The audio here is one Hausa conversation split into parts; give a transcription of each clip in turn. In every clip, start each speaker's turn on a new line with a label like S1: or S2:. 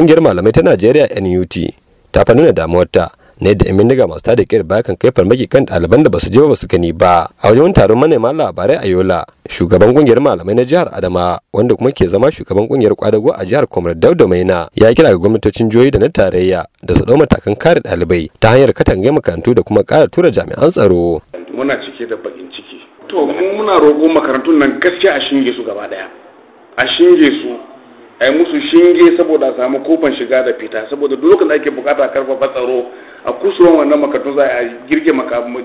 S1: kungiyar malamai ta najeriya nut ta fa nuna damuwarta na yadda yan daga masu tada kiyar baya kan kai farmaki kan ɗaliban da basu je ba su gani ba a wajen taron manema labarai a yola shugaban kungiyar malamai na jihar adama wanda kuma ke zama shugaban kungiyar kwadago a jihar komar dauda maina ya kira ga gwamnatocin jihohi da na tarayya da su ɗau matakan kare ɗalibai ta hanyar katangai makarantu da kuma ƙara tura jami'an tsaro.
S2: muna cike da bakin ciki to muna roƙo makarantun nan gaskiya a shinge su gaba ɗaya a shinge su a yi musu shinge saboda a samu kofan shiga da fita saboda duk lokacin da ake bukata karfafa tsaro a kusurwan wannan makarantu za a girge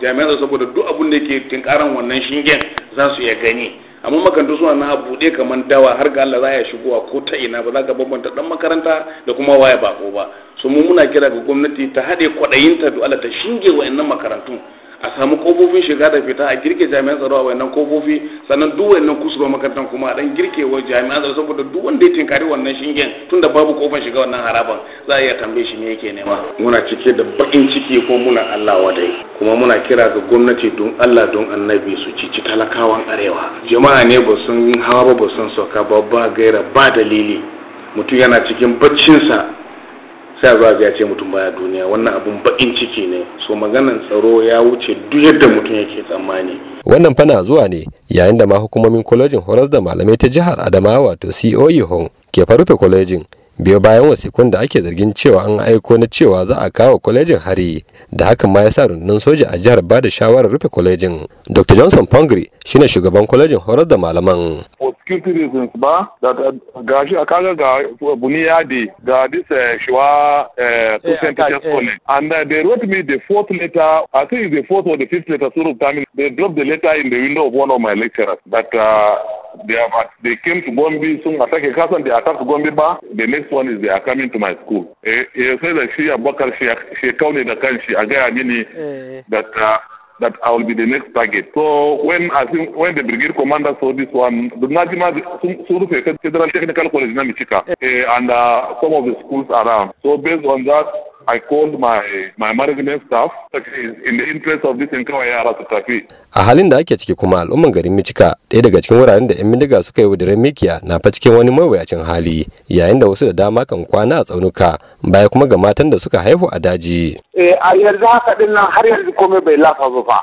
S2: jami'an saboda duk abun da ke tinkaran wannan shingen za su iya gani amma makarantu suna na buɗe kamar dawa har ga Allah za shigo shigowa ko ta ina ba za ka bambanta dan makaranta da kuma waya bako ba so mu muna kira ga gwamnati ta haɗe kwaɗayinta da Allah ta shinge wa'annan makarantun a samu kofofin shiga da fita a girke jami'an tsaro a wannan kofofi sannan duk wannan kusurwa makarantar kuma a dan girkewa jami'an tsaro saboda duk wanda ya tinkari wannan shingen tunda babu kofar shiga wannan haraban za a iya tambaye shi me yake nema muna cike da bakin ciki ko muna Allah wadai kuma muna kira ga gwamnati don Allah don annabi su cici talakawan arewa jama'a ne ba sun hawa ba ba sun sauka ba ba gaira ba dalili mutum yana cikin baccinsa da za ya ce mutum baya duniya wannan abun bakin ciki ne so maganan tsaro ya wuce duk yadda mutum yake tsammani
S1: wannan fana zuwa ne yayin da ma hukumomin kwalejin horas da malamai ta jihar adamawa wato coe hon ke farufe kwalejin biyo bayan wasikun da ake zargin cewa an aiko na cewa za a kawo kwalejin hari da hakan ma ya sa rundunar soja a jihar ba da shawarar rufe kwalejin dr johnson pongri shine shugaban kwalejin horas da malaman
S3: security reasons ba da ga shi kaga ga Buniyadi ga disa uh, eh, Shiwa uh, two yeah, eh. And uh, they wrote me the fourth letter, I think it's the fourth or the fifth letter, sort of time. They dropped the letter in the window of one of my lecturers that uh, they have uh, they came to Gombe soon attack a class and they attacked Gombe bar. The next one is they are coming to my school. He said that she Abubakar she she counted the country. I got mini that uh, that I will be the next target. So when I think when the brigade commander saw this one, the Najima Suru Federal Technical College in Michika eh, and uh, some of the schools around. So based on that, I called my my management staff in the interest of this in yara tafi.
S1: A halin da ake ciki kuma al'umman garin Micika ɗaya daga cikin wuraren da 'yan bindiga suka yi wudirin mikiya na fa cikin wani mawuyacin hali yayin da wasu da dama kan kwana a tsaunuka baya kuma ga matan da suka haihu a daji.
S4: Eh a yanzu haka ɗin nan har yanzu komai bai lafa ba fa.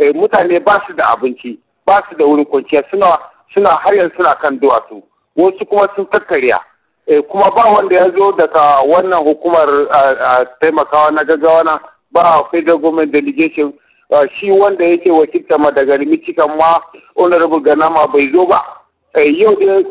S4: Eh mutane ba su da abinci ba su da wurin kwanciya suna suna har yanzu suna kan duwatsu wasu kuma sun tattariya. Eh, kuma ba wanda ya zo daga wannan hukumar taimakawa na gaggawa na ba federal government delegation eh, shi wanda yake wakilta ma daga michigan ma honorable ganama bai zo ba eh, yau dai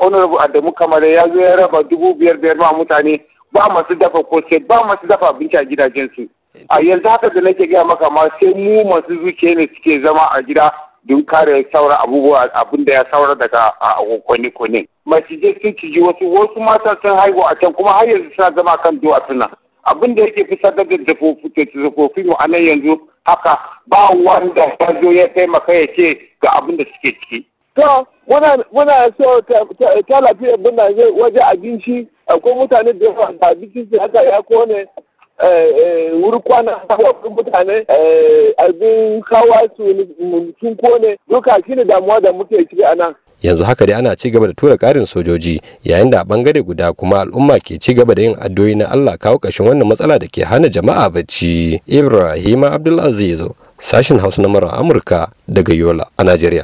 S4: honorable adamu kamar ya zo ya raba dubu biyar biyar ma mutane ba masu dafa kosai ba masu dafa abinci a gidajensu a yanzu haka da nake gaya maka ma sai mu masu zuciya ne suke zama a gida don kare saura abubuwa abin da ya saura daga kone kone macijai sun ciji wasu wasu mata sun haihu a can kuma har yanzu suna zama kan duwatsu nan abin da yake fi sadar da zafofi mu a nan yanzu haka ba wanda ya zo ya taimaka ya ce ga abin da suke ciki. To, muna so talafiyar muna waje abinci, akwai mutane da yawa da abinci haka ya kone, wurkwana eh, eh, hawa mutane eh, abin hawa su sun kone duka shine damuwa da muke ciki a nan
S1: yanzu haka dai ana ci gaba da tura karin sojoji yayin da a bangare guda kuma al'umma ke ci gaba da yin addu'o'i na Allah kawo ƙarshen wannan matsala da ke hana jama'a bacci Ibrahim Abdulaziz sashin Hausa na Amurka daga Yola a Najeriya